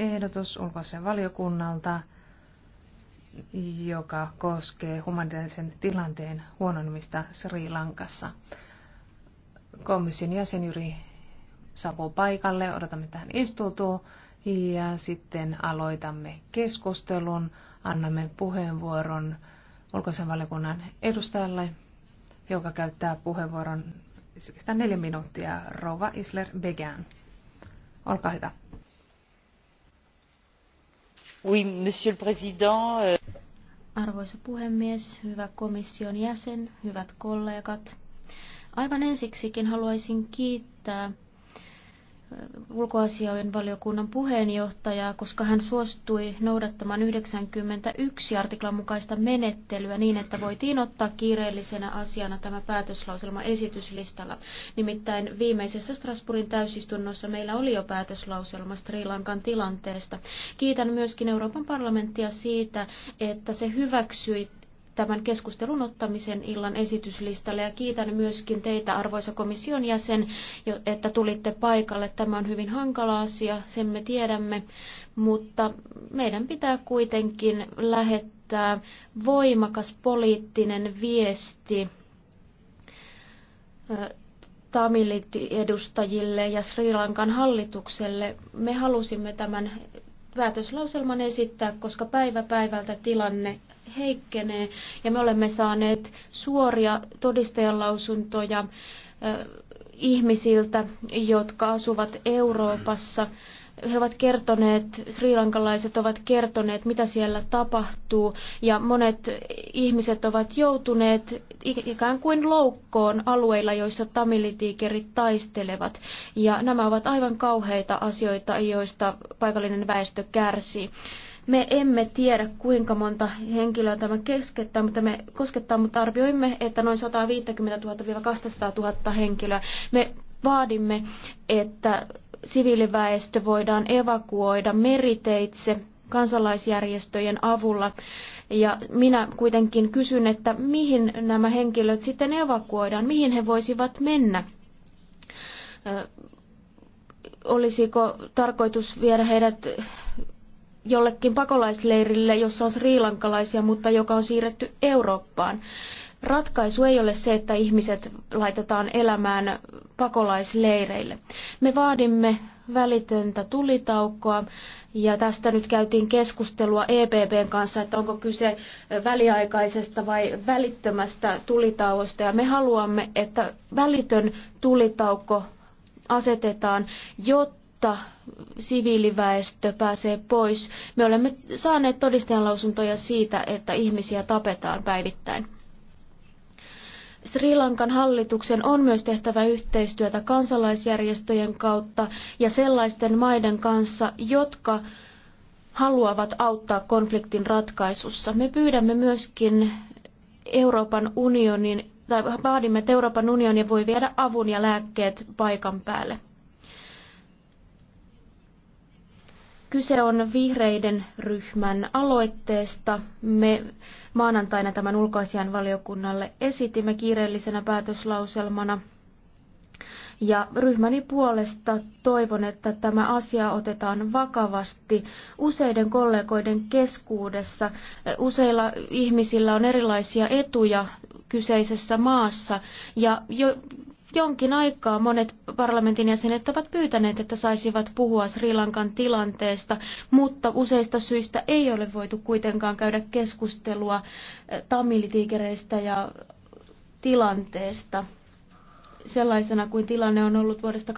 ehdotus ulkoisen valiokunnalta, joka koskee humanitaarisen tilanteen huononemista Sri Lankassa. Komission jäsen Jyri saapuu paikalle, odotamme tähän istuutuu ja sitten aloitamme keskustelun. Annamme puheenvuoron ulkoisen valiokunnan edustajalle, joka käyttää puheenvuoron 4 siis minuuttia, Rova Isler Began. Olkaa hyvä. Euh, Arvoisa puhemies, hyvä komission jäsen, hyvät kollegat. Aivan ensiksikin haluaisin kiittää ulkoasioiden valiokunnan puheenjohtajaa, koska hän suostui noudattamaan 91 artiklan mukaista menettelyä niin, että voitiin ottaa kiireellisenä asiana tämä päätöslauselma esityslistalla. Nimittäin viimeisessä Strasbourgin täysistunnossa meillä oli jo päätöslauselma Sri Lankan tilanteesta. Kiitän myöskin Euroopan parlamenttia siitä, että se hyväksyi tämän keskustelun ottamisen illan esityslistalle ja kiitän myöskin teitä arvoisa komission jäsen, että tulitte paikalle. Tämä on hyvin hankala asia, sen me tiedämme, mutta meidän pitää kuitenkin lähettää voimakas poliittinen viesti tamilit edustajille ja Sri Lankan hallitukselle. Me halusimme tämän päätöslauselman esittää, koska päivä päivältä tilanne heikkenee ja me olemme saaneet suoria todistajanlausuntoja ihmisiltä, jotka asuvat Euroopassa he ovat kertoneet, Lankalaiset ovat kertoneet, mitä siellä tapahtuu, ja monet ihmiset ovat joutuneet ikään kuin loukkoon alueilla, joissa tamilitiikerit taistelevat. Ja nämä ovat aivan kauheita asioita, joista paikallinen väestö kärsii. Me emme tiedä, kuinka monta henkilöä tämä keskettää, mutta me koskettaa, mutta arvioimme, että noin 150 000-200 000 henkilöä. Me vaadimme, että siviiliväestö voidaan evakuoida meriteitse kansalaisjärjestöjen avulla. Ja minä kuitenkin kysyn, että mihin nämä henkilöt sitten evakuoidaan, mihin he voisivat mennä. Olisiko tarkoitus viedä heidät jollekin pakolaisleirille, jossa on sriilankalaisia, mutta joka on siirretty Eurooppaan. Ratkaisu ei ole se, että ihmiset laitetaan elämään pakolaisleireille. Me vaadimme välitöntä tulitaukkoa ja tästä nyt käytiin keskustelua EPPn kanssa, että onko kyse väliaikaisesta vai välittömästä tulitauosta ja me haluamme, että välitön tulitaukko asetetaan, jotta siviiliväestö pääsee pois. Me olemme saaneet todistajanlausuntoja siitä, että ihmisiä tapetaan päivittäin. Sri Lankan hallituksen on myös tehtävä yhteistyötä kansalaisjärjestöjen kautta ja sellaisten maiden kanssa, jotka haluavat auttaa konfliktin ratkaisussa. Me pyydämme myöskin Euroopan unionin, tai vaadimme, että Euroopan unioni voi viedä avun ja lääkkeet paikan päälle. Kyse on vihreiden ryhmän aloitteesta. Me maanantaina tämän ulkoasian valiokunnalle esitimme kiireellisenä päätöslauselmana. Ja ryhmäni puolesta toivon, että tämä asia otetaan vakavasti useiden kollegoiden keskuudessa. Useilla ihmisillä on erilaisia etuja kyseisessä maassa ja jo jonkin aikaa monet parlamentin jäsenet ovat pyytäneet, että saisivat puhua Sri Lankan tilanteesta, mutta useista syistä ei ole voitu kuitenkaan käydä keskustelua eh, tamilitiikereistä ja tilanteesta sellaisena kuin tilanne on ollut vuodesta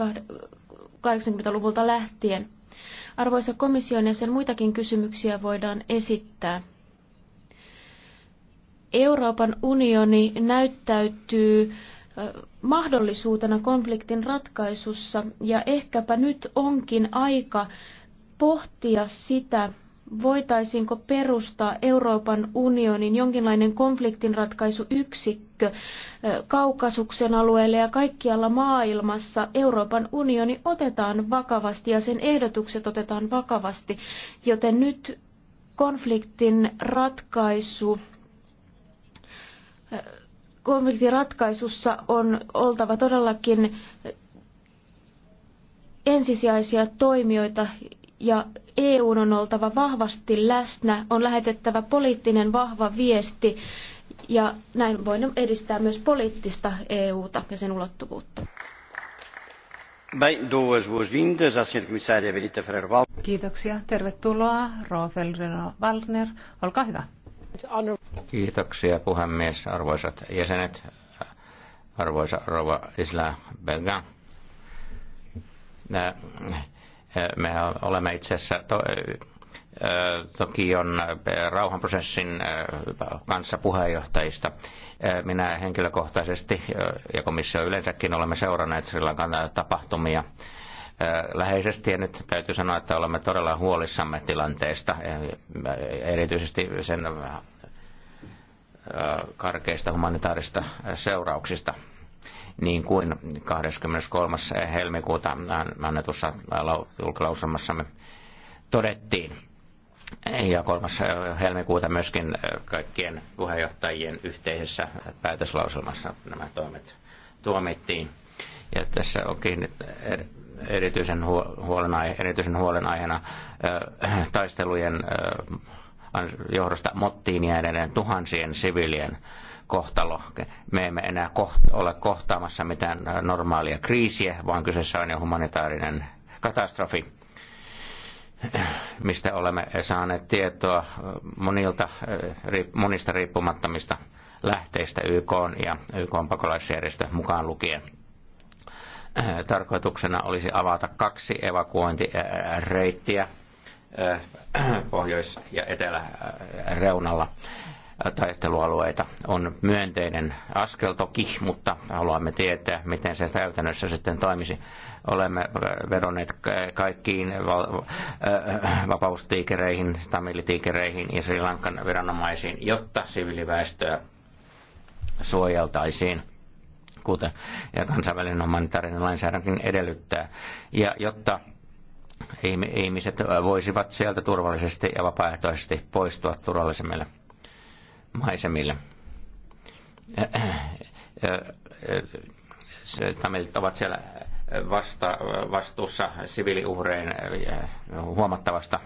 80-luvulta lähtien. Arvoisa komission jäsen, muitakin kysymyksiä voidaan esittää. Euroopan unioni näyttäytyy mahdollisuutena konfliktin ratkaisussa ja ehkäpä nyt onkin aika pohtia sitä, voitaisiinko perustaa Euroopan unionin jonkinlainen konfliktinratkaisuyksikkö Kaukasuksen alueelle ja kaikkialla maailmassa. Euroopan unioni otetaan vakavasti ja sen ehdotukset otetaan vakavasti, joten nyt konfliktin ratkaisu konfliktin ratkaisussa on oltava todellakin ensisijaisia toimijoita ja EUn on oltava vahvasti läsnä, on lähetettävä poliittinen vahva viesti ja näin voidaan edistää myös poliittista EUta ja sen ulottuvuutta. Kiitoksia. Tervetuloa, Rofelrino Waldner. Olkaa hyvä. Kiitoksia puhemies, arvoisat jäsenet, arvoisa rouva Isla Belga. Me olemme itse asiassa to, Tokion rauhanprosessin kanssa puheenjohtajista. Minä henkilökohtaisesti ja komissio yleensäkin olemme seuranneet Sri Lankan tapahtumia – läheisesti ja nyt täytyy sanoa, että olemme todella huolissamme tilanteesta, e, erityisesti sen karkeista humanitaarista seurauksista, niin kuin 23. helmikuuta annetussa julkilausumassamme todettiin. Ja 3. helmikuuta myöskin kaikkien puheenjohtajien yhteisessä päätöslauselmassa nämä toimet tuomittiin. Ja tässä onkin erityisen, huolenaihe, erityisen huolenaiheena taistelujen johdosta mottiin tuhansien siviilien kohtalo. Me emme enää koht, ole kohtaamassa mitään normaalia kriisiä, vaan kyseessä on jo humanitaarinen katastrofi, mistä olemme saaneet tietoa monilta, monista riippumattomista lähteistä YK ja YK pakolaisjärjestö mukaan lukien. Äh, tarkoituksena olisi avata kaksi evakuointireittiä äh, pohjois- ja eteläreunalla taistelualueita on myönteinen askel toki, mutta haluamme tietää, miten se täytännössä sitten toimisi. Olemme vedonneet kaikkiin äh, vapaustiikereihin, tamilitiikereihin ja Sri Lankan viranomaisiin, jotta siviiliväestöä suojeltaisiin kuten ja kansainvälinen humanitaarinen lainsäädäntö edellyttää. Ja jotta ihmiset voisivat sieltä turvallisesti ja vapaaehtoisesti poistua turvallisemmille maisemille. Tamilit ovat siellä vasta, vastuussa siviiliuhreen eh, huomattavasta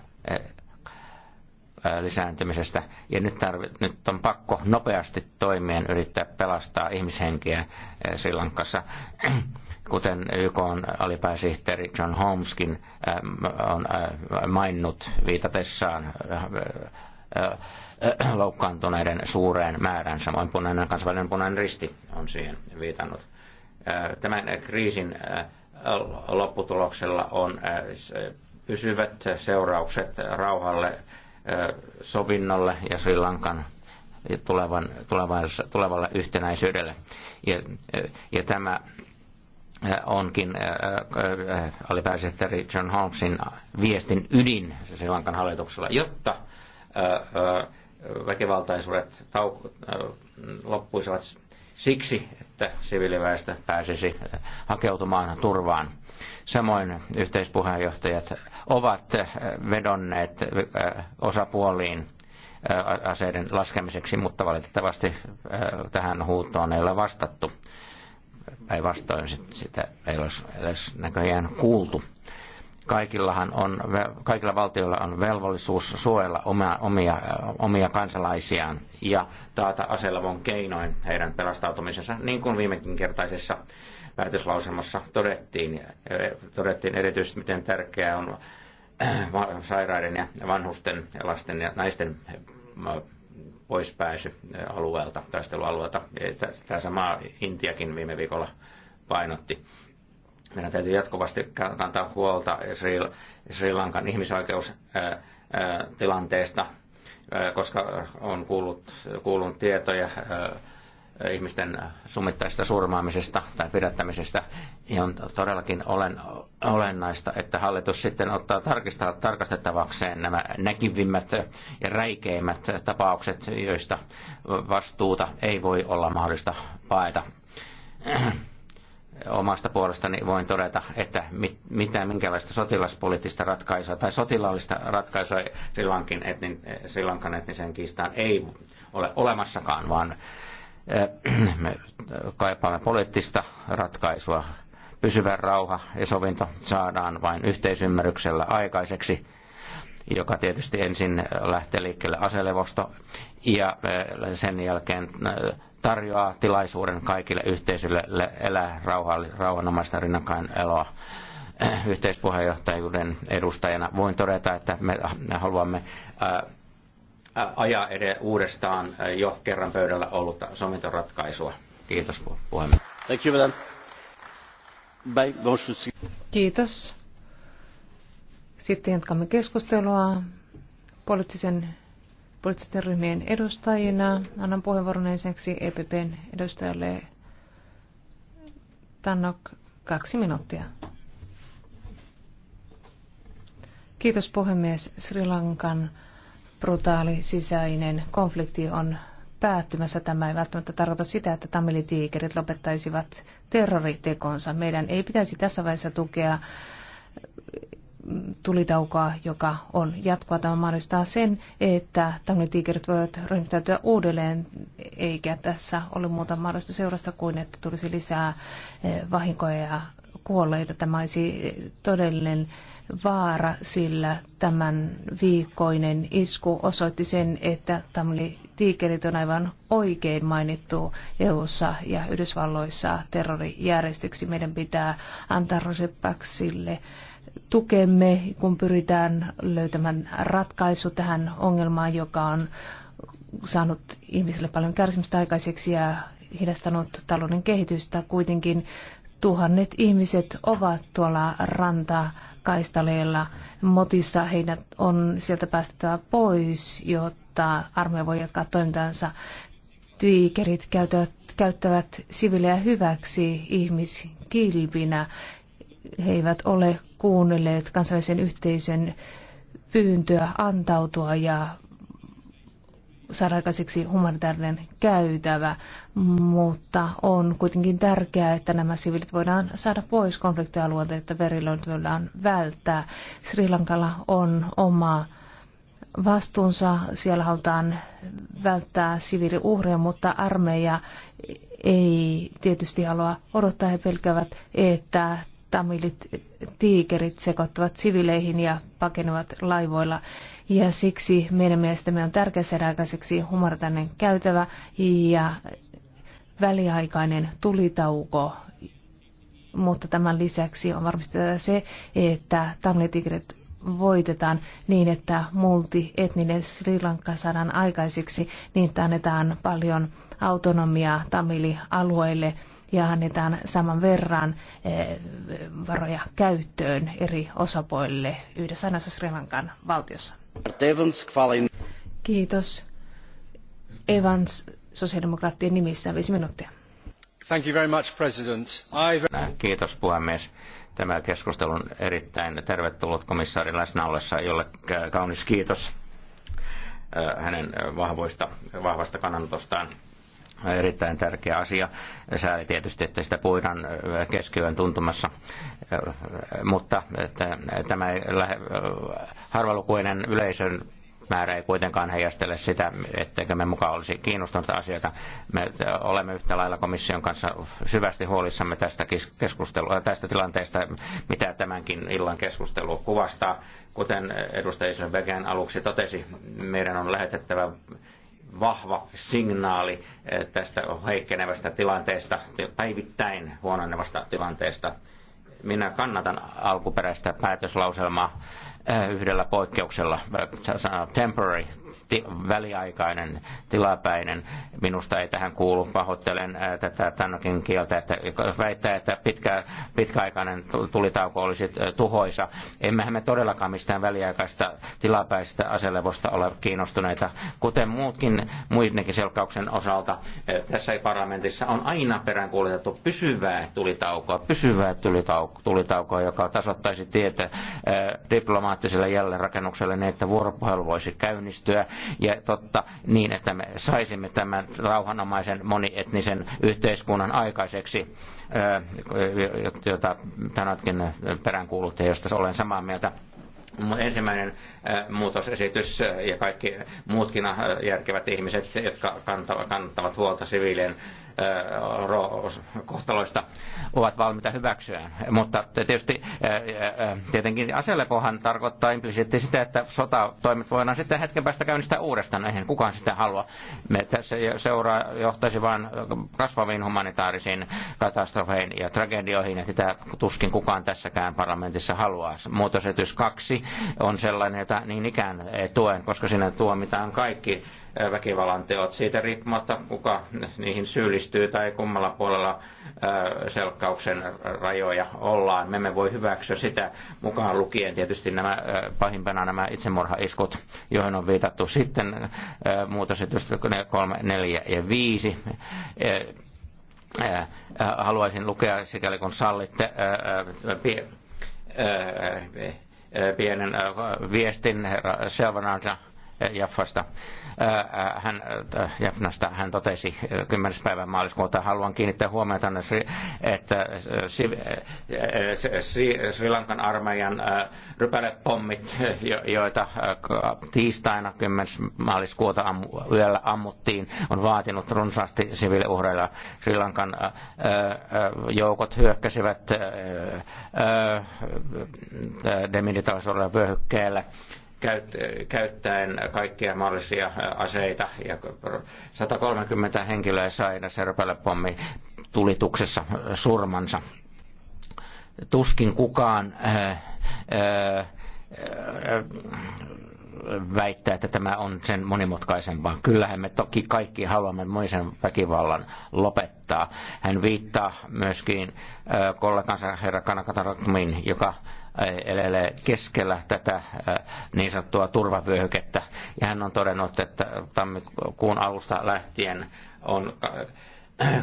lisääntymisestä. Ja nyt, tarvi, nyt on pakko nopeasti toimien yrittää pelastaa ihmishenkiä Sri Lankassa. Kuten YK on alipääsihteeri John Holmeskin on mainnut viitatessaan loukkaantuneiden suureen määrään. Samoin punainen, kansainvälinen punainen risti on siihen viitannut. Tämän kriisin lopputuloksella on pysyvät seuraukset rauhalle, sovinnolle ja Sri Lankan tulevan, tulevan, tulevalle yhtenäisyydelle. Ja, ja tämä onkin alipääsihteeri John Holmesin viestin ydin Sri Lankan hallituksella, jotta väkivaltaisuudet loppuisivat siksi, että siviiliväestö pääsisi hakeutumaan turvaan. Samoin yhteispuheenjohtajat ovat eh, vedonneet eh, osapuoliin eh, aseiden laskemiseksi, mutta valitettavasti tähän huutoon ei ole vastattu. Päinvastoin sitä ei ole edes näköjään kuultu. Kaikillahan on, kaikilla valtioilla on velvollisuus suojella omia, omia, omia kansalaisiaan ja taata aselevon keinoin heidän pelastautumisensa, niin kuin viimekin kertaisessa päätöslauselmassa todettiin, todettiin erityisesti, miten tärkeää on äh, sairaiden ja vanhusten ja lasten ja naisten äh, poispääsy äh, alueelta, taistelualueelta. Tämä sama Intiakin viime viikolla painotti. Meidän täytyy jatkuvasti kantaa huolta Sri, Sri Lankan ihmisoikeustilanteesta, koska on kuullut, kuullut tietoja ihmisten summittaista surmaamisesta tai pidättämisestä, niin on todellakin olen, olennaista, että hallitus sitten ottaa tarkistaa, tarkastettavakseen nämä näkivimmät ja räikeimmät tapaukset, joista vastuuta ei voi olla mahdollista paeta. Omasta puolestani voin todeta, että mit, mitään minkälaista sotilaspoliittista ratkaisua tai sotilaallista ratkaisua Sri, Lankin etnin, Lankan kiistaan ei ole olemassakaan, vaan Äh, me kaipaamme poliittista ratkaisua. Pysyvä rauha ja sovinto saadaan vain yhteisymmärryksellä aikaiseksi joka tietysti ensin lähtee liikkeelle aselevosta ja äh, sen jälkeen äh, tarjoaa tilaisuuden kaikille yhteisöille elää rauha, rauhanomaista rinnakkain eloa. Yhteispuheenjohtajuuden edustajana voin todeta, että me haluamme ajaa edes uudestaan jo kerran pöydällä ollutta sovintoratkaisua. Kiitos puhemies. Thank you, Kiitos. Sitten jatkamme keskustelua poliittisen, poliittisten ryhmien edustajina. Annan puheenvuoron ensiksi EPPn edustajalle Tannok kaksi minuuttia. Kiitos puhemies Sri Lankan brutaali sisäinen konflikti on päättymässä. Tämä ei välttämättä tarkoita sitä, että tamilitiikerit lopettaisivat terroritekonsa. Meidän ei pitäisi tässä vaiheessa tukea mm, tulitaukoa, joka on jatkoa. Tämä mahdollistaa sen, että tamilitiikerit voivat ryhmittäytyä uudelleen, eikä tässä ole muuta mahdollista seurasta kuin, että tulisi lisää eh, vahinkoja ja kuolleita. Tämä olisi todellinen vaara, sillä tämän viikkoinen isku osoitti sen, että tämä tiikerit on aivan oikein mainittu EU:ssa ja Yhdysvalloissa terrorijärjestöksi. Meidän pitää antaa Rosepaksille tukemme, kun pyritään löytämään ratkaisu tähän ongelmaan, joka on saanut ihmisille paljon kärsimystä aikaiseksi ja hidastanut talouden kehitystä. Kuitenkin tuhannet ihmiset ovat tuolla ranta kaistaleella motissa heidät on sieltä päästettävä pois, jotta armeija voi jatkaa toimintaansa. Tiikerit käyttävät, käyttävät siviliä hyväksi ihmiskilpinä. He eivät ole kuunnelleet kansainvälisen yhteisön pyyntöä antautua ja saada aikaiseksi humanitaarinen käytävä, mutta on kuitenkin tärkeää, että nämä sivilit voidaan saada pois konfliktialueelta, että verilöinti voidaan välttää. Sri Lankalla on oma vastuunsa, siellä halutaan välttää siviiliuhreja, mutta armeija ei tietysti halua odottaa, he pelkävät, että tamilit tiikerit sekoittavat sivileihin ja pakenevat laivoilla ja siksi meidän mielestämme on tärkeä saada aikaiseksi humartainen käytävä ja väliaikainen tulitauko. Mutta tämän lisäksi on varmistettava se, että tamletigret voitetaan niin, että multietninen Sri Lanka saadaan aikaiseksi, niin että annetaan paljon autonomiaa tamilialueille alueille ja annetaan saman verran eh, varoja käyttöön eri osapuolille yhdessä ainoassa Sri Lankan valtiossa. Kiitos. Evans sosiaalidemokraattien nimissä viisi minuuttia. Thank you very much, President. I... Äh, kiitos puhemies tämä keskustelu on erittäin tervetullut komissaari läsnä ollessa, jolle kaunis kiitos äh, hänen vahvoista, vahvasta kannanotostaan erittäin tärkeä asia. Sääli tietysti, että sitä puidaan keskiöön tuntumassa, mutta että tämä harvalukuinen yleisön määrä ei kuitenkaan heijastele sitä, etteikö me mukaan olisi kiinnostunut asioita. Me olemme yhtä lailla komission kanssa syvästi huolissamme tästä, keskustelua, tästä tilanteesta, mitä tämänkin illan keskustelu kuvastaa. Kuten edustaja Vegen aluksi totesi, meidän on lähetettävä vahva signaali eh, tästä heikkenevästä tilanteesta, päivittäin huononevasta tilanteesta. Minä kannatan alkuperäistä päätöslauselmaa Äh, yhdellä poikkeuksella, äh, temporary, ti, väliaikainen, tilapäinen. Minusta ei tähän kuulu, pahoittelen äh, tätä tännökin kieltä, että väittää, että pitkä, pitkäaikainen tulitauko olisi tuhoisa. Emmehän me todellakaan mistään väliaikaista tilapäistä aselevosta ole kiinnostuneita, kuten muutkin muidenkin selkauksen osalta. Tässä parlamentissa on aina peräänkuulutettu pysyvää tulitaukoa, pysyvää tulitaukoa, joka tasoittaisi tietä diploma diplomaattiselle jälleenrakennukselle niin, että vuoropuhelu voisi käynnistyä ja totta niin, että me saisimme tämän rauhanomaisen monietnisen yhteiskunnan aikaiseksi, jota tänäkin peräänkuulutte, josta olen samaa mieltä ensimmäinen muutosesitys ja kaikki muutkin järkevät ihmiset, jotka kantavat huolta siviilien kohtaloista, ovat valmiita hyväksyä. Mutta tietysti tietenkin aselepohan tarkoittaa implisiittisesti sitä, että sotatoimet voidaan sitten hetken päästä käynnistää uudestaan. Eihän kukaan sitä halua. Me tässä seuraa johtaisi vain kasvaviin humanitaarisiin katastrofeihin ja tragedioihin, ja sitä tuskin kukaan tässäkään parlamentissa haluaa. Muutosetys kaksi on sellainen, jota niin ikään tuen, koska sinne tuomitaan kaikki eh, väkivallan teot siitä riippumatta, kuka niihin syyllistyy tai kummalla puolella eh, selkkauksen rajoja ollaan. Me emme voi hyväksyä sitä mukaan lukien tietysti nämä eh, pahimpana nämä itsemurhaiskut, joihin on viitattu sitten muutosesitystä 3, 4 ja 5 haluaisin lukea, sikäli kun sallitte, pienen äh, viestin seuranansa. Eh, Jaffasta. Hän, Jaffnasta hän totesi 10. päivän maaliskuuta, haluan kiinnittää huomiota, että Sri Lankan armeijan rypälepommit, joita tiistaina 10. maaliskuuta yöllä ammuttiin, on vaatinut runsaasti siviiliuhreilla. Sri Lankan joukot hyökkäsivät demilitarisoidulla vyöhykkeellä käyttäen kaikkia mahdollisia aseita ja 130 henkilöä sai serpelepommi tulituksessa surmansa. Tuskin kukaan äh, äh, väittää, että tämä on sen monimutkaisempaa. Kyllähän me toki kaikki haluamme moisen väkivallan lopettaa. Hän viittaa myöskin kollegansa herra Kanakatarakmin, joka elelee keskellä tätä niin sanottua turvavyöhykettä. Ja hän on todennut, että tammikuun alusta lähtien on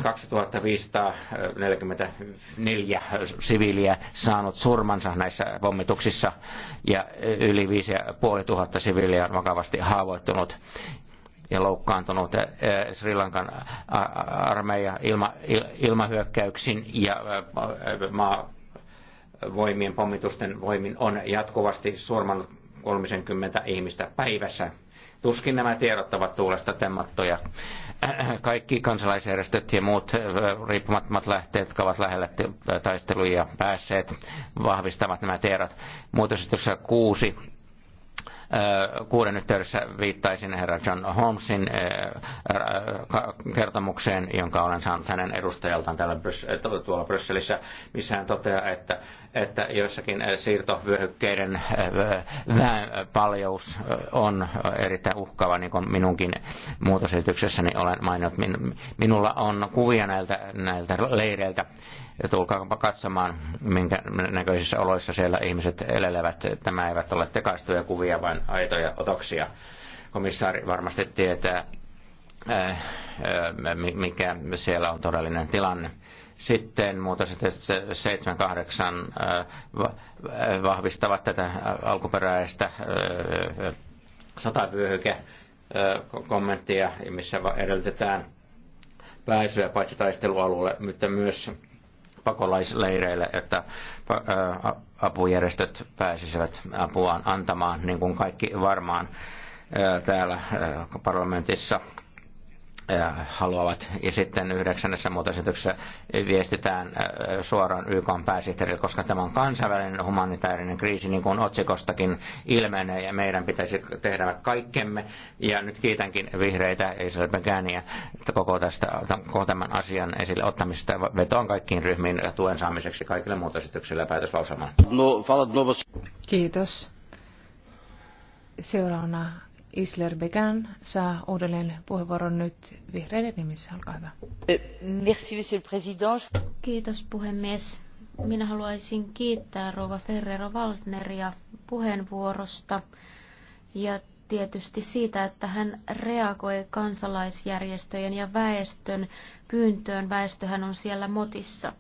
2544 äh, siviiliä saanut surmansa näissä pommituksissa ja yli 5500 siviiliä on vakavasti haavoittunut ja loukkaantunut Sri Lankan armeija ilma, ilmahyökkäyksin ja maa voimien pommitusten voimin on jatkuvasti surmannut 30 ihmistä päivässä. Tuskin nämä tiedot ovat tuulesta temmattuja. Äh, kaikki kansalaisjärjestöt ja muut äh, riippumattomat lähteet, jotka ovat lähellä taisteluja päässeet, vahvistavat nämä tiedot. Muutosistossa kuusi kuuden yhteydessä viittaisin herra John Holmesin kertomukseen, jonka olen saanut hänen edustajaltaan täällä tuolla Brysselissä, missä hän toteaa, että, että joissakin siirtovyöhykkeiden paljous on erittäin uhkava, niin kuin minunkin muutosesityksessäni olen maininnut. Minulla on kuvia näiltä, näiltä leireiltä, ja tulkaapa katsomaan, minkä näköisissä oloissa siellä ihmiset elelevät. Tämä eivät ole tekaistuja kuvia, vaan aitoja otoksia. Komissaari varmasti tietää, äh, äh, mikä siellä on todellinen tilanne. Sitten muuta sitten 7-8 vahvistavat tätä alkuperäistä äh, sotavyöhyke kommenttia, missä edellytetään pääsyä paitsi taistelualueelle, mutta myös pakolaisleireille, että apujärjestöt pääsisivät apuaan antamaan, niin kuin kaikki varmaan täällä parlamentissa haluavat. Ja sitten yhdeksännessä muutosesityksessä viestitään suoraan YK pääsihteerille, koska tämä on kansainvälinen humanitaarinen kriisi, niin kuin otsikostakin ilmenee, ja meidän pitäisi tehdä kaikkemme. Ja nyt kiitänkin vihreitä, Isabel Begania, että koko, tästä, koko tämän asian esille ottamista vetoon kaikkiin ryhmiin ja tuen saamiseksi kaikille muutosesityksille ja No, Kiitos. Seuraavana Isler Began saa uudelleen puheenvuoron nyt vihreiden nimissä. Olkaa hyvä. Euh, merci, monsieur le président. Kiitos puhemies. Minä haluaisin kiittää Rova Ferrero Waldneria puheenvuorosta ja tietysti siitä, että hän reagoi kansalaisjärjestöjen ja väestön pyyntöön. Väestöhän on siellä motissa.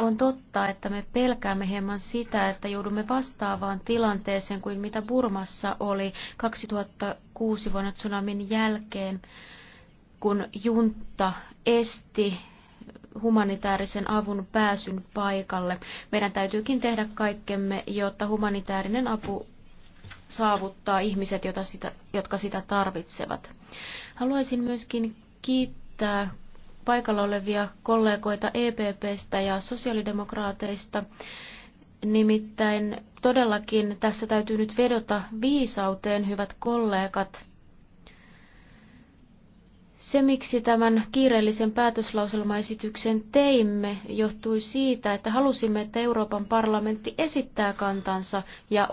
On totta, että me pelkäämme hieman sitä, että joudumme vastaavaan tilanteeseen kuin mitä Burmassa oli 2006 vuonna tsunamin jälkeen, kun junta esti humanitaarisen avun pääsyn paikalle. Meidän täytyykin tehdä kaikkemme, jotta humanitaarinen apu saavuttaa ihmiset, jotka sitä tarvitsevat. Haluaisin myöskin kiittää paikalla olevia kollegoita EPPstä ja sosiaalidemokraateista. Nimittäin todellakin tässä täytyy nyt vedota viisauteen, hyvät kollegat. Se, miksi tämän kiireellisen päätöslauselmaesityksen teimme, johtui siitä, että halusimme, että Euroopan parlamentti esittää kantansa ja,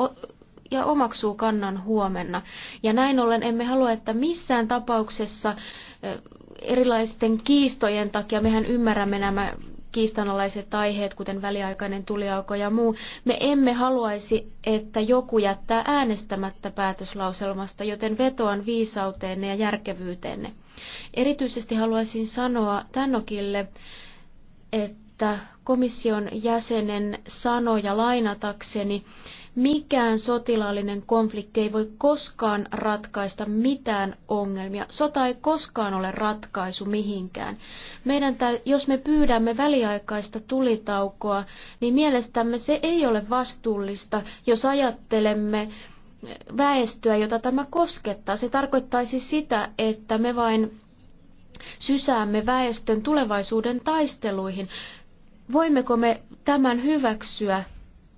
ja omaksuu kannan huomenna. Ja näin ollen emme halua, että missään tapauksessa erilaisten kiistojen takia, mehän ymmärrämme nämä kiistanalaiset aiheet, kuten väliaikainen tuliauko ja muu. Me emme haluaisi, että joku jättää äänestämättä päätöslauselmasta, joten vetoan viisauteenne ja järkevyyteenne. Erityisesti haluaisin sanoa Tänokille, että komission jäsenen sanoja lainatakseni, Mikään sotilaallinen konflikti ei voi koskaan ratkaista mitään ongelmia. Sota ei koskaan ole ratkaisu mihinkään. Meidän täy- jos me pyydämme väliaikaista tulitaukoa, niin mielestämme se ei ole vastuullista, jos ajattelemme väestöä, jota tämä koskettaa. Se tarkoittaisi sitä, että me vain sysäämme väestön tulevaisuuden taisteluihin. Voimmeko me tämän hyväksyä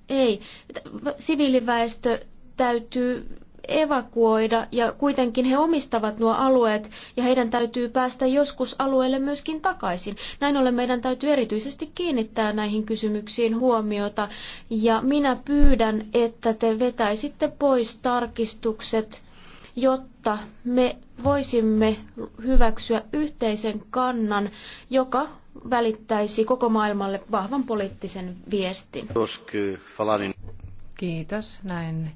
ei. Siviiliväestö täytyy evakuoida ja kuitenkin he omistavat nuo alueet ja heidän täytyy päästä joskus alueelle myöskin takaisin. Näin ollen meidän täytyy erityisesti kiinnittää näihin kysymyksiin huomiota ja minä pyydän, että te vetäisitte pois tarkistukset, jotta me voisimme hyväksyä yhteisen kannan, joka välittäisi koko maailmalle vahvan poliittisen viestin. Kiitos. Näin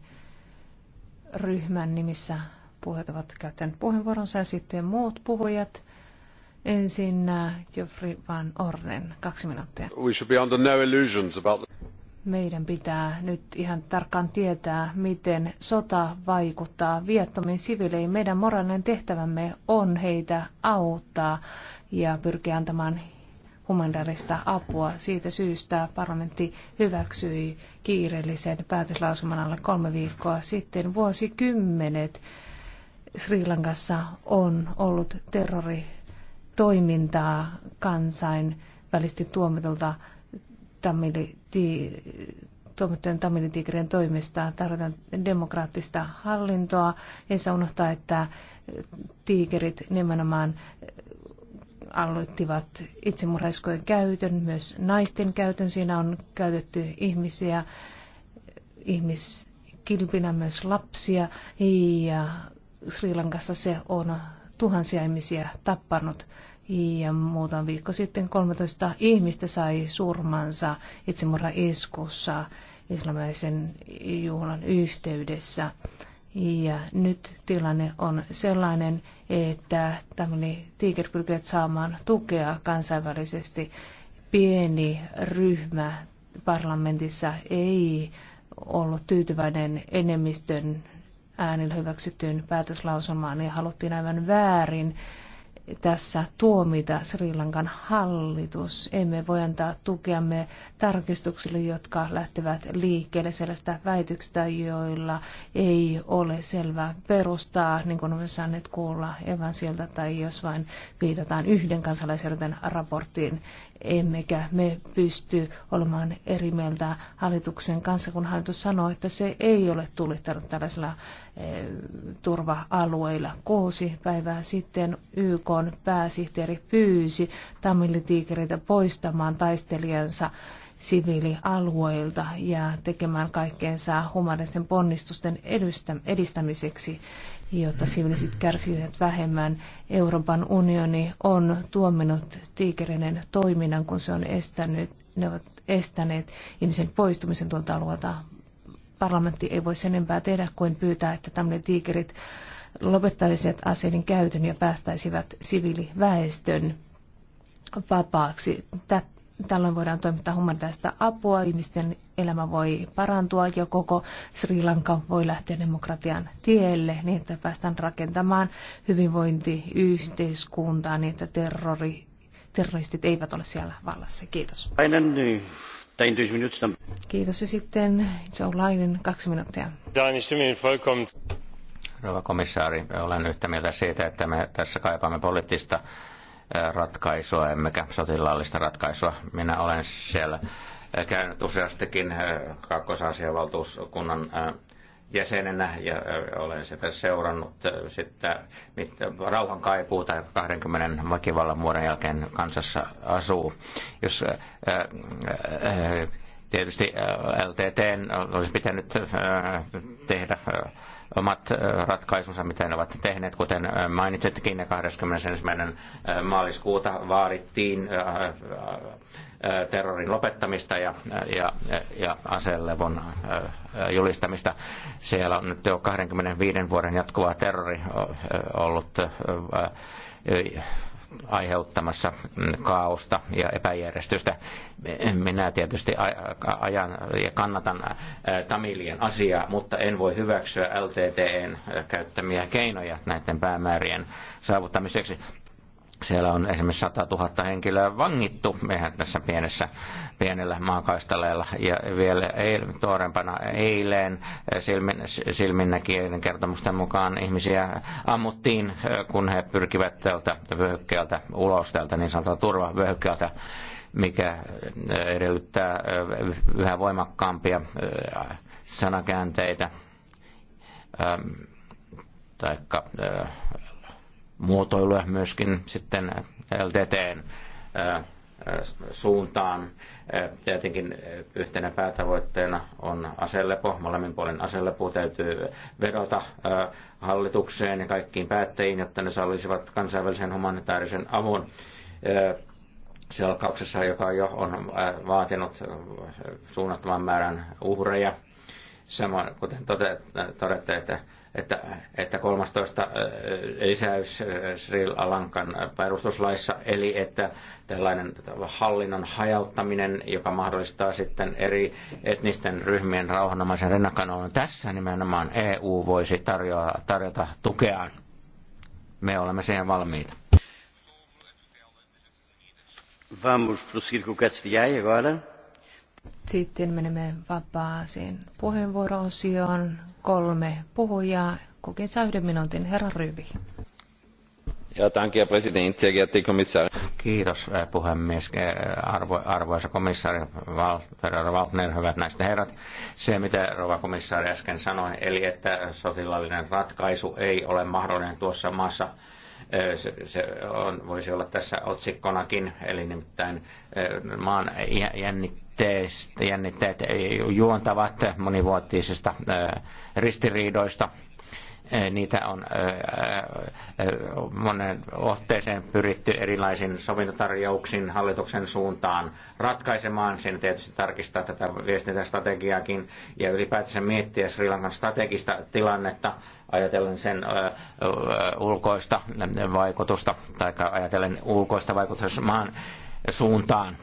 ryhmän nimissä puhujat ovat käyttäneet puheenvuoronsa ja sitten muut puhujat. Ensin Jofri äh, Van Ornen, kaksi minuuttia. We should be under no illusions about the... Meidän pitää nyt ihan tarkkaan tietää, miten sota vaikuttaa viettomiin siviileihin. Meidän moraalinen tehtävämme on heitä auttaa ja pyrkiä antamaan humanitaarista apua. Siitä syystä parlamentti hyväksyi kiireellisen päätöslausuman alle kolme viikkoa sitten. Vuosikymmenet Sri Lankassa on ollut terroritoimintaa kansainvälisesti tuomitulta tamili, tuomittujen tamilitiikerien toimesta. Tarvitaan demokraattista hallintoa. Ei saa unohtaa, että tiikerit nimenomaan aloittivat itsemurhaiskojen käytön, myös naisten käytön. Siinä on käytetty ihmisiä, ihmiskilpinä myös lapsia ja Sri Lankassa se on tuhansia ihmisiä tappanut. Ja muutama viikko sitten 13 ihmistä sai surmansa itsemurhaiskussa islamilaisen juhlan yhteydessä. Ja nyt tilanne on sellainen, että tämmöinen tiiker pyrkivät saamaan tukea kansainvälisesti. Pieni ryhmä parlamentissa ei ollut tyytyväinen enemmistön äänillä hyväksyttyyn päätöslausumaan ja haluttiin aivan väärin tässä tuomita Sri Lankan hallitus. Emme voi antaa tukeamme tarkistuksille, jotka lähtevät liikkeelle sellaista väityksistä, joilla ei ole selvää perustaa, niin kuin olemme saaneet kuulla sieltä, tai jos vain viitataan yhden kansalaisjärjestön raporttiin emmekä me pysty olemaan eri mieltä hallituksen kanssa, kun hallitus sanoo, että se ei ole tulittanut tällaisilla eh, turva-alueilla. Kuusi päivää sitten YK pääsihteeri pyysi tamilitiikereitä poistamaan taistelijansa siviilialueilta ja tekemään kaikkeensa humanisten ponnistusten edistämiseksi jotta siviiliset kärsivät vähemmän. Euroopan unioni on tuominnut tiikerinen toiminnan, kun se on estänyt, ne ovat estäneet ihmisen poistumisen tuolta alueelta. Parlamentti ei voi sen enempää tehdä kuin pyytää, että tämmöinen tiikerit lopettaisivat aseiden käytön ja päästäisivät siviiliväestön vapaaksi. Tällöin voidaan toimittaa humanitaista apua ihmisten elämä voi parantua ja koko Sri Lanka voi lähteä demokratian tielle niin, että päästään rakentamaan hyvinvointiyhteiskuntaa niin, että terrori, terroristit eivät ole siellä vallassa. Kiitos. Niin, Kiitos ja sitten Joe Lainen, kaksi minuuttia. Rouva komissaari, olen yhtä mieltä siitä, että me tässä kaipaamme poliittista ratkaisua, emmekä sotilaallista ratkaisua. Minä olen siellä käynyt useastikin äh, Kaakkois-Aasian valtuuskunnan äh, jäsenenä ja äh, olen sitä seurannut mitä rauhan kaipuuta, joka 20 väkivallan vuoden jälkeen kansassa asuu. Jos tietysti LTT olisi pitänyt tehdä omat ratkaisunsa, mitä ne ovat tehneet. Kuten mainitsitkin, 21. maaliskuuta vaadittiin terrorin lopettamista ja, ja, ja aseellevon julistamista. Siellä on nyt jo 25 vuoden jatkuva terrori ollut aiheuttamassa kaaosta ja epäjärjestystä. Minä tietysti ajan ja kannatan Tamilien asiaa, mutta en voi hyväksyä LTTn käyttämiä keinoja näiden päämäärien saavuttamiseksi siellä on esimerkiksi 100 000 henkilöä vangittu mehän tässä pienessä, pienellä maakaistaleella. Ja vielä eil, tuorempana eilen eh, silmin, silminnäkijöiden kertomusten mukaan ihmisiä ammuttiin, eh, kun he pyrkivät tältä vyöhykkeeltä ulos tältä niin sanotulta turvavyöhykkeeltä mikä eh, edellyttää yhä voimakkaampia sanakäänteitä taikka muotoilua myöskin sitten LTTn suuntaan. Tietenkin yhtenä päätavoitteena on aselepo, molemmin puolen aselepo täytyy vedota hallitukseen ja kaikkiin päättäjiin, jotta ne sallisivat kansainvälisen humanitaarisen avun selkauksessa, joka jo on vaatinut suunnattoman määrän uhreja – Samoin, kuten todette, että, että, että 13 äh, lisäys äh, Sri Lankan perustuslaissa, eli että tällainen hallinnon hajauttaminen, joka mahdollistaa sitten eri etnisten ryhmien rauhanomaisen on tässä nimenomaan EU voisi tarjota, tarjota tukeaan. Me olemme siihen valmiita. Vamos prosseguir com o agora. Sitten menemme vapaaseen puheenvuoroosioon. Kolme puhujaa. Kukin saa yhden minuutin. Herra Ryvi. Kiitos puhemies, arvo, arvoisa komissaari Valtner, hyvät näistä herrat. Se, mitä rova komissaari äsken sanoi, eli että sotilaallinen ratkaisu ei ole mahdollinen tuossa maassa, se, se on, voisi olla tässä otsikkonakin, eli nimittäin maan jännit jännitteet juontavat monivuotisista ristiriidoista. Niitä on monen otteeseen pyritty erilaisin sovintotarjouksin hallituksen suuntaan ratkaisemaan. Sen tietysti tarkistaa tätä viestintästrategiaakin ja ylipäätänsä miettiä Sri Lankan strategista tilannetta ajatellen sen ulkoista vaikutusta tai ajatellen ulkoista vaikutusta maan suuntaan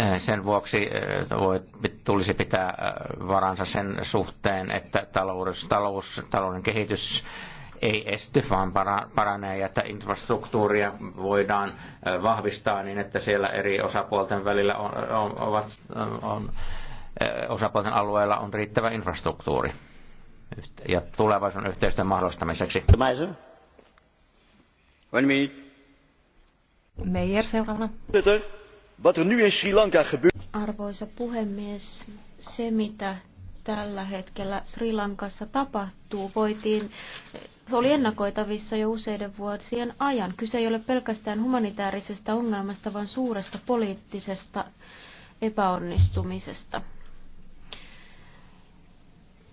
Äh, sen vuoksi äh, tulisi pitää äh, varansa sen suhteen, että talous, talous, talouden kehitys ei esty, vaan paranee ja että infrastruktuuria voidaan vahvistaa niin, että siellä eri osapuolten välillä on, on, ovat, on, osapuolten alueella on riittävä infrastruktuuri ja tulevaisuuden yhteistyön mahdollistamiseksi. Meijer seuraavana. Wat er nu in Sri Lanka gebeurt... Arvoisa puhemies, se mitä tällä hetkellä Sri Lankassa tapahtuu, voitiin, oli ennakoitavissa jo useiden vuosien ajan. Kyse ei ole pelkästään humanitaarisesta ongelmasta, vaan suuresta poliittisesta epäonnistumisesta.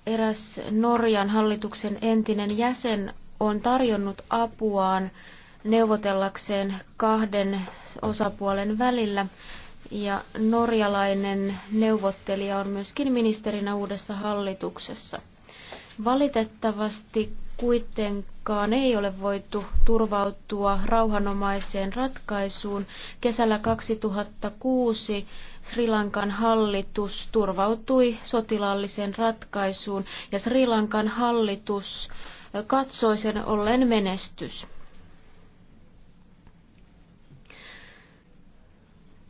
Eräs Norjan hallituksen entinen jäsen on tarjonnut apuaan neuvotellakseen kahden osapuolen välillä. Ja norjalainen neuvottelija on myöskin ministerinä uudessa hallituksessa. Valitettavasti kuitenkaan ei ole voitu turvautua rauhanomaiseen ratkaisuun. Kesällä 2006 Sri Lankan hallitus turvautui sotilaalliseen ratkaisuun ja Sri Lankan hallitus katsoi sen ollen menestys.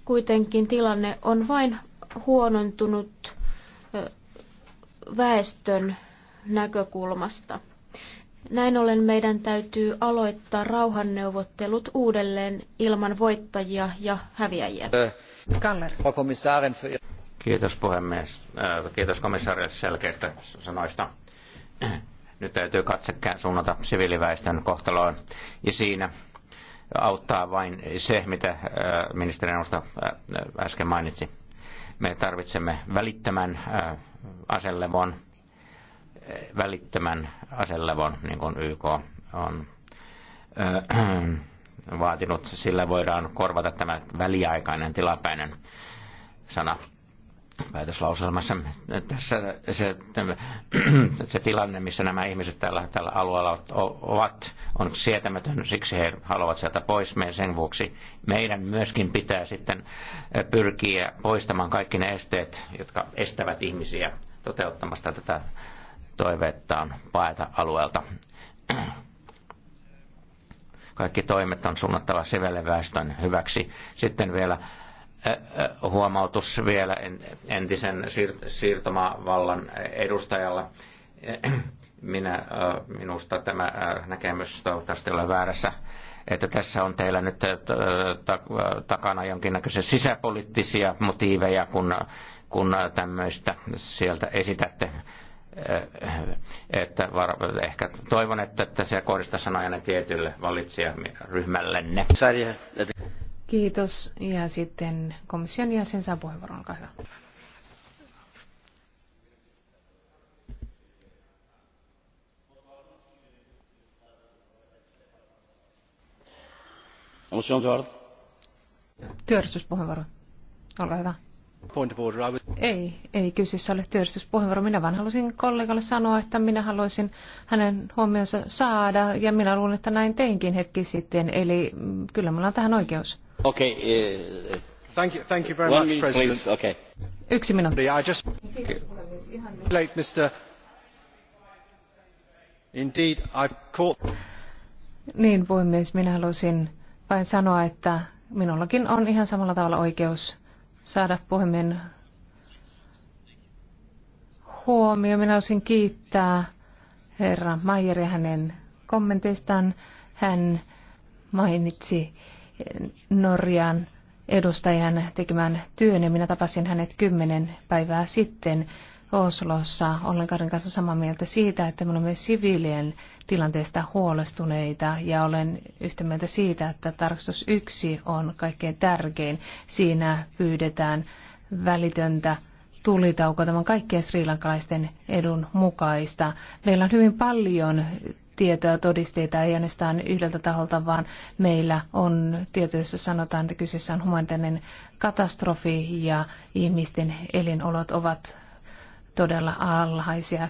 Kuitenkin tilanne on vain huonontunut väestön näkökulmasta. Näin ollen meidän täytyy aloittaa rauhanneuvottelut uudelleen ilman voittajia ja häviäjiä. Kaller. Kiitos puhemies. Kiitos komissaarille selkeistä sanoista. Nyt täytyy katse suunnata siviiliväestön kohtaloon. Ja siinä auttaa vain se, mitä äh, Nosta äh, äsken mainitsi. Me tarvitsemme välittömän äh, aselevon, välittömän aselevon, niin kuin YK on vaatinut. Sillä voidaan korvata tämä väliaikainen tilapäinen sana päätöslauselmassa. Tässä se, se tilanne, missä nämä ihmiset tällä, tällä alueella ovat, on sietämätön. Siksi he haluavat sieltä pois. Me sen vuoksi meidän myöskin pitää sitten pyrkiä poistamaan kaikki ne esteet, jotka estävät ihmisiä toteuttamasta tätä toiveettaan paeta alueelta. Kaikki toimet on suunnattava väestön hyväksi. Sitten vielä huomautus vielä entisen siirtomavallan edustajalla. Minä, minusta tämä näkemys toivottavasti ole väärässä, että tässä on teillä nyt takana jonkinnäköisiä sisäpoliittisia motiiveja, kun, kun tämmöistä sieltä esitätte että var, ehkä toivon, että, että se kohdista sanoja tietylle valitsijaryhmällenne. Kiitos. Ja sitten komission jäsen saa puheenvuoron. Olkaa hyvä. Työllistyspuheenvuoro. Olkaa hyvä. Ei, ei kyseessä ole työllistyspuheenvuoro. Minä vain halusin kollegalle sanoa, että minä haluaisin hänen huomionsa saada ja minä luulen, että näin teinkin hetki sitten. Eli mm, kyllä minulla on tähän oikeus. Okay, Yksi Niin, puhemies, minä halusin vain sanoa, että minullakin on ihan samalla tavalla oikeus saada puhemiehen huomio. Minä haluaisin kiittää herra Mayeria hänen kommenteistaan. Hän mainitsi Norjan edustajan tekemään työn ja minä tapasin hänet kymmenen päivää sitten Oslossa. Olen Karin kanssa samaa mieltä siitä, että me olemme siviilien tilanteesta huolestuneita ja olen yhtä mieltä siitä, että tarkastus yksi on kaikkein tärkein. Siinä pyydetään välitöntä tulitaukoa tämän kaikkien srilankalaisten edun mukaista. Meillä on hyvin paljon Tietoa todisteita, ei ainoastaan yhdeltä taholta, vaan meillä on tietoissa sanotaan, että kyseessä on humanitaarinen katastrofi ja ihmisten elinolot ovat todella alhaisia.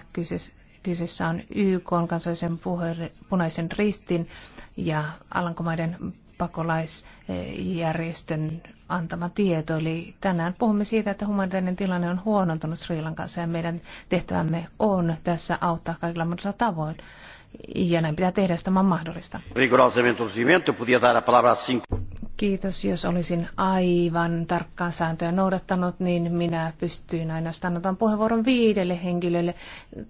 Kyseessä on YK, kansallisen punaisen ristin ja Alankomaiden pakolaisjärjestön antama tieto. Eli tänään puhumme siitä, että humanitaarinen tilanne on huonontunut Sri Lankassa ja meidän tehtävämme on tässä auttaa kaikilla mahdollisilla tavoin ja näin pitää tehdä, jos tämä on mahdollista. Kiitos, jos olisin aivan tarkkaan sääntöjä noudattanut, niin minä pystyin ainoastaan otan puheenvuoron viidelle henkilölle.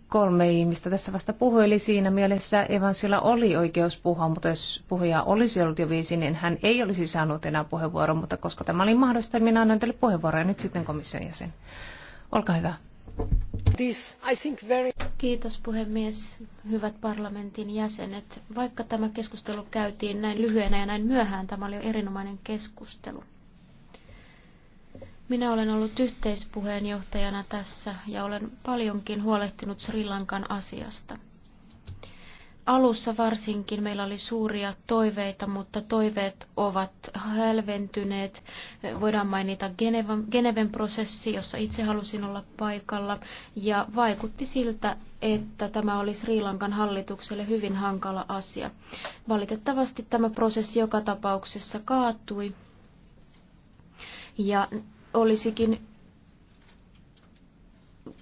Kolme ihmistä tässä vasta puhui, eli siinä mielessä Evansilla oli oikeus puhua, mutta jos puhuja olisi ollut jo viisi, niin hän ei olisi saanut enää puheenvuoron, mutta koska tämä oli mahdollista, niin minä annan teille puheenvuoron ja nyt sitten komission jäsen. Olkaa hyvä. Kiitos puhemies, hyvät parlamentin jäsenet. Vaikka tämä keskustelu käytiin näin lyhyenä ja näin myöhään, tämä oli erinomainen keskustelu. Minä olen ollut yhteispuheenjohtajana tässä ja olen paljonkin huolehtinut Sri Lankan asiasta. Alussa varsinkin meillä oli suuria toiveita, mutta toiveet ovat hälventyneet. Voidaan mainita Genevan, Geneven prosessi, jossa itse halusin olla paikalla, ja vaikutti siltä, että tämä oli Sri Lankan hallitukselle hyvin hankala asia. Valitettavasti tämä prosessi joka tapauksessa kaatui, ja olisikin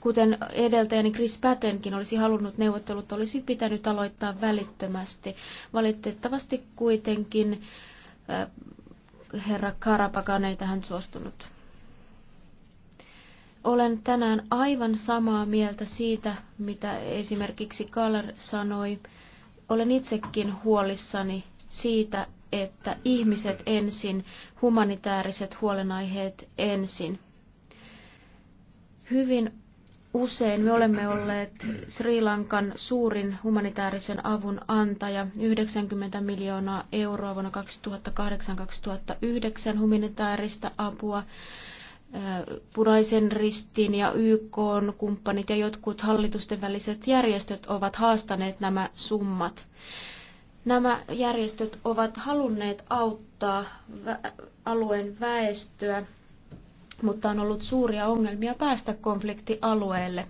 Kuten edeltäjäni Chris Pattenkin olisi halunnut, neuvottelut olisi pitänyt aloittaa välittömästi. Valitettavasti kuitenkin eh, herra Karapakan ei tähän suostunut. Olen tänään aivan samaa mieltä siitä, mitä esimerkiksi Kaller sanoi. Olen itsekin huolissani siitä, että ihmiset ensin, humanitaariset huolenaiheet ensin. Hyvin usein. Me olemme olleet Sri Lankan suurin humanitaarisen avun antaja, 90 miljoonaa euroa vuonna 2008-2009 humanitaarista apua. Punaisen ristin ja YK kumppanit ja jotkut hallitusten väliset järjestöt ovat haastaneet nämä summat. Nämä järjestöt ovat halunneet auttaa alueen väestöä mutta on ollut suuria ongelmia päästä konfliktialueelle.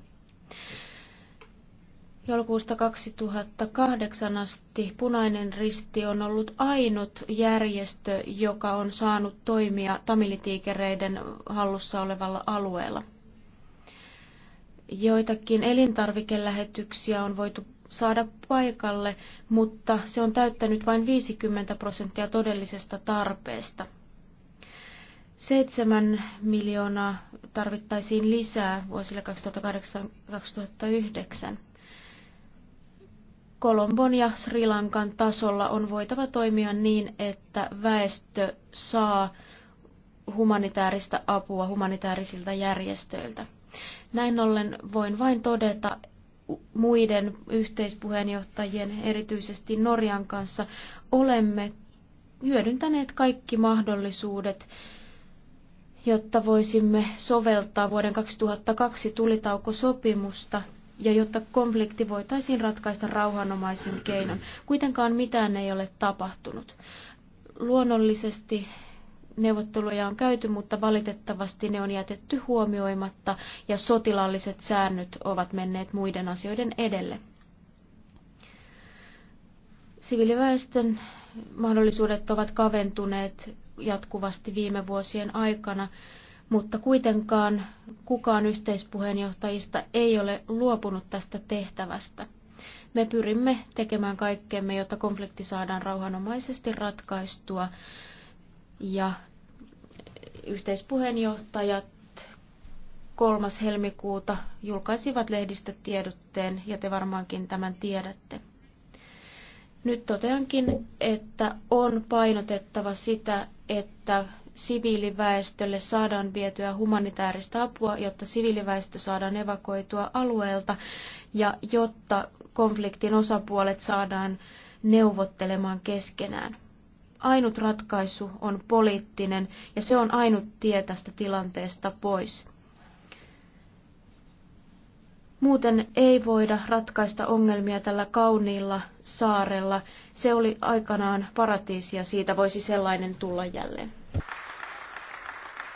Joulukuusta 2008 asti Punainen Risti on ollut ainut järjestö, joka on saanut toimia tamilitiikereiden hallussa olevalla alueella. Joitakin elintarvikelähetyksiä on voitu saada paikalle, mutta se on täyttänyt vain 50 prosenttia todellisesta tarpeesta. 7 miljoonaa tarvittaisiin lisää vuosille 2008-2009. Kolombon ja Sri Lankan tasolla on voitava toimia niin, että väestö saa humanitaarista apua humanitaarisilta järjestöiltä. Näin ollen voin vain todeta muiden yhteispuheenjohtajien, erityisesti Norjan kanssa, olemme hyödyntäneet kaikki mahdollisuudet jotta voisimme soveltaa vuoden 2002 tulitaukosopimusta ja jotta konflikti voitaisiin ratkaista rauhanomaisin keinon. Kuitenkaan mitään ei ole tapahtunut. Luonnollisesti neuvotteluja on käyty, mutta valitettavasti ne on jätetty huomioimatta ja sotilaalliset säännöt ovat menneet muiden asioiden edelle. Siviiliväestön mahdollisuudet ovat kaventuneet jatkuvasti viime vuosien aikana, mutta kuitenkaan kukaan yhteispuheenjohtajista ei ole luopunut tästä tehtävästä. Me pyrimme tekemään kaikkemme, jotta konflikti saadaan rauhanomaisesti ratkaistua ja yhteispuheenjohtajat 3. helmikuuta julkaisivat lehdistötiedotteen ja te varmaankin tämän tiedätte. Nyt toteankin, että on painotettava sitä, että siviiliväestölle saadaan vietyä humanitaarista apua, jotta siviiliväestö saadaan evakoitua alueelta ja jotta konfliktin osapuolet saadaan neuvottelemaan keskenään. Ainut ratkaisu on poliittinen ja se on ainut tie tästä tilanteesta pois. Muuten ei voida ratkaista ongelmia tällä kauniilla saarella. Se oli aikanaan paratiisi ja siitä voisi sellainen tulla jälleen.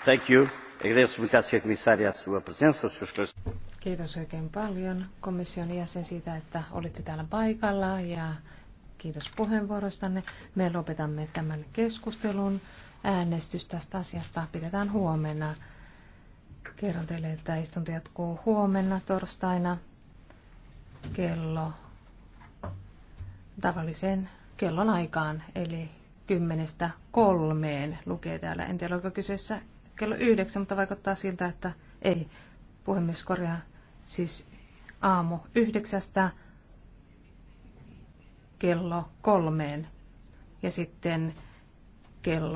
Thank you. Kiitos oikein paljon komission jäsen siitä, että olitte täällä paikalla ja kiitos puheenvuorostanne. Me lopetamme tämän keskustelun. Äänestys tästä asiasta pidetään huomenna. Kerron teille, että istunto jatkuu huomenna torstaina kello tavalliseen kellon aikaan, eli kymmenestä kolmeen lukee täällä. En tiedä, oliko kyseessä kello yhdeksän, mutta vaikuttaa siltä, että ei. Puhemies korjaa siis aamu yhdeksästä kello kolmeen ja sitten kello